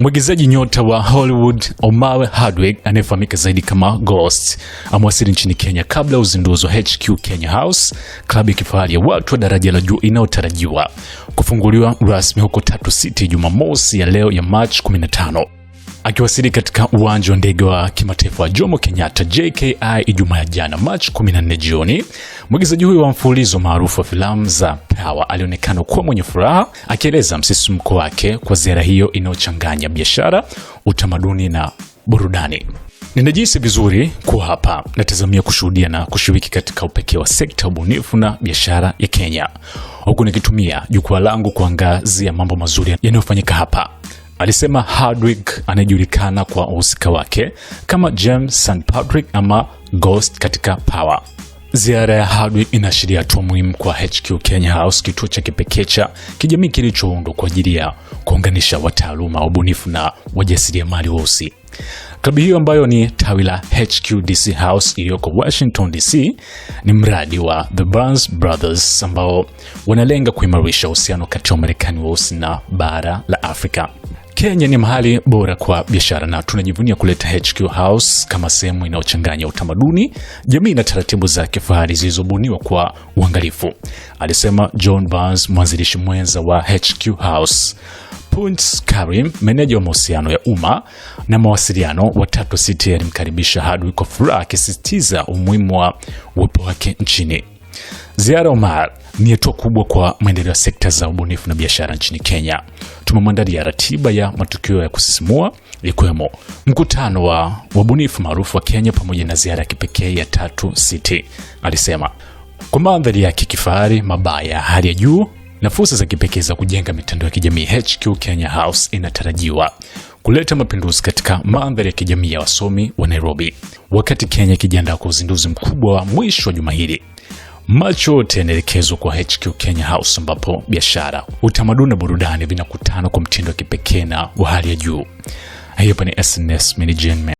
Mwigizaji nyota wa Hollywood omawe Hardwick anayefahamika zaidi kama Ghost amewasili nchini Kenya kabla ya uzinduzi wa HQ Kenya House, klabu ya kifahari ya watu wa daraja la juu inayotarajiwa kufunguliwa rasmi huko Tatu City Jumamosi ya leo ya March 15. Akiwasili katika uwanja wa ndege wa kimataifa wa Jomo Kenyatta JKI Ijumaa ya jana Machi 14 jioni, mwigizaji huyo wa mfululizo maarufu wa filamu za Power alionekana kuwa mwenye furaha, akieleza msisimko wake kwa ziara hiyo inayochanganya biashara, utamaduni na burudani. Ninajihisi vizuri kuwa hapa, natazamia kushuhudia na kushiriki katika upekee wa sekta ya ubunifu na biashara ya Kenya, huku nikitumia jukwaa langu kuangazia mambo mazuri yanayofanyika hapa. Alisema Hardwick anayejulikana kwa uhusika wake kama James St. Patrick ama Ghost katika Power. Ziara ya Hardwick inaashiria hatua muhimu kwa HQ Kenya House, kituo cha kipekee cha kijamii kilichoundwa kwa ajili ya kuunganisha wataaluma, wabunifu na wajasiriamali weusi. Klabu hiyo ambayo ni tawi la DC House iliyoko Washington DC ni mradi wa The Burns Brothers ambao wanalenga kuimarisha uhusiano kati ya Wamarekani weusi na bara la Afrika. Kenya ni mahali bora kwa biashara na tunajivunia kuleta HQ House kama sehemu inayochanganya utamaduni, jamii na taratibu za kifahari zilizobuniwa kwa uangalifu, alisema John Barnes, mwanzilishi mwenza wa HQ House. Punt Karim, meneja wa mahusiano ya umma na mawasiliano wa Tatu City, alimkaribisha Hadwi kwa furaha, akisisitiza umuhimu wa uwepo wake nchini. Ziara Omar ni hatua kubwa kwa maendeleo ya sekta za ubunifu na biashara nchini Kenya. Tumemwandalia ratiba ya matukio ya kusisimua ikiwemo mkutano wa wabunifu maarufu wa Kenya pamoja na ziara ya kipekee ya Tatu City. Alisema kwa mandhari yake kifahari, mabaya ya hali ya juu na fursa za kipekee za kujenga mitandao ya kijamii, HQ Kenya House inatarajiwa kuleta mapinduzi katika mandhari ya kijamii ya wasomi wa Nairobi, wakati Kenya ikijiandaa kwa uzinduzi mkubwa wa mwisho wa juma hili. Macho yote yanaelekezwa kwa HQ Kenya House ambapo biashara, utamaduni na burudani vinakutana kwa mtindo wa kipekee na wa hali ya juu. Hiyo ni SNS Management.